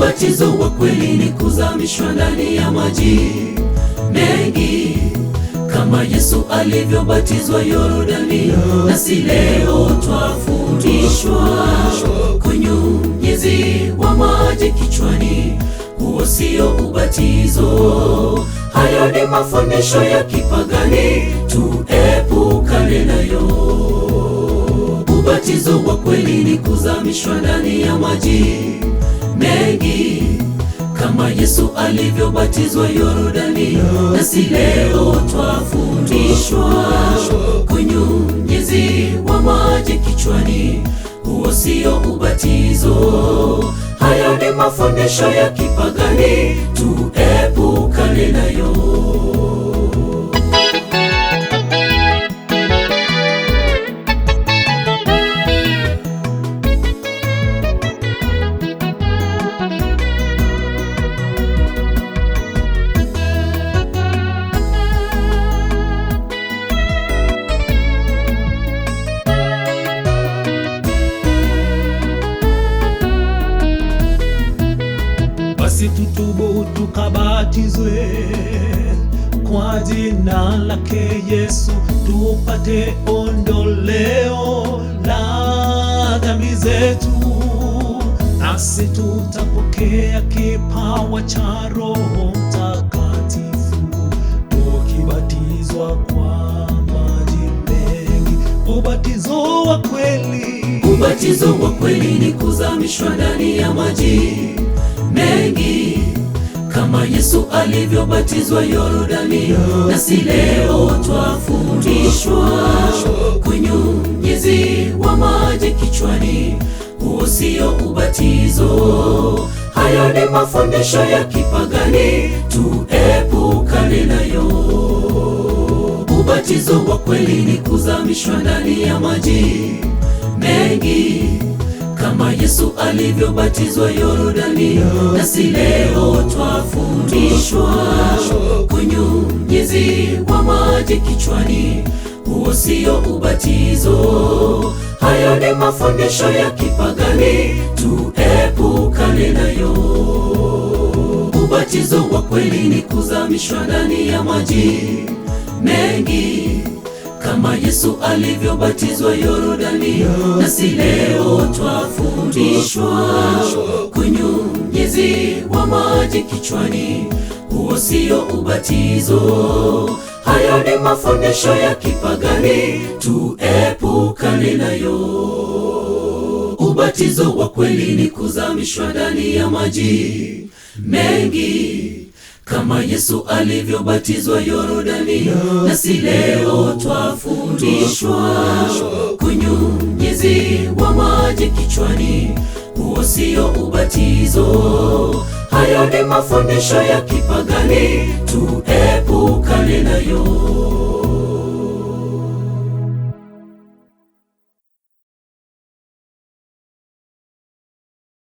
ubatizo wa kweli ni kuzamishwa ndani ya maji mengi kama Yesu alivyobatizwa Yordani, nasi leo twafundishwa kunyunyizi wa maji kichwani, huo sio ubatizo. Hayo ni mafundisho ya kipagani, tuepukane nayo ubatizo wa kweli ni kuzamishwa ndani ya maji mengi kama Yesu alivyobatizwa Yordani, nasi leo twafundishwa kunyunyizi wa maji kichwani, huo sio ubatizo. Haya ni mafundisho ya kipagani, tuepuka Basi tutubu tukabatizwe kwa jina lake Yesu, tupate ondoleo la dhambi zetu, nasi tutapokea kipawa cha Roho Mtakatifu tukibatizwa kwa maji mengi. Ubatizo wa kweli, ubatizo wa kweli ni kuzamishwa ndani ya maji mengi kama Yesu alivyobatizwa Yordani, nasi leo twafundishwa kunyunyizi wa maji kichwani, huo sio ubatizo. Hayo ni mafundisho ya kipagani, tuepukane nayo. Ubatizo wa kweli ni kuzamishwa ndani ya maji mengi kama Yesu alivyobatizwa Yordani, nasi leo twafundishwa kunyunyizi wa maji kichwani, huo sio ubatizo. Hayo ni mafundisho ya kipagani, tuepukane nayo. Ubatizo wa kweli ni kuzamishwa ndani ya maji mengi Yesu alivyobatizwa Yordani, nasi leo twafundishwa kunyunyizi wa maji kichwani, huo sio ubatizo. Hayo ni mafundisho ya kipagani, tuepukane nayo. Ubatizo wa kweli ni kuzamishwa ndani ya maji mengi kama Yesu alivyobatizwa Yordani, nasi leo twafundishwa kunyunyiziwa maji kichwani, huo sio ubatizo. Hayo ni mafundisho ya kipagani tu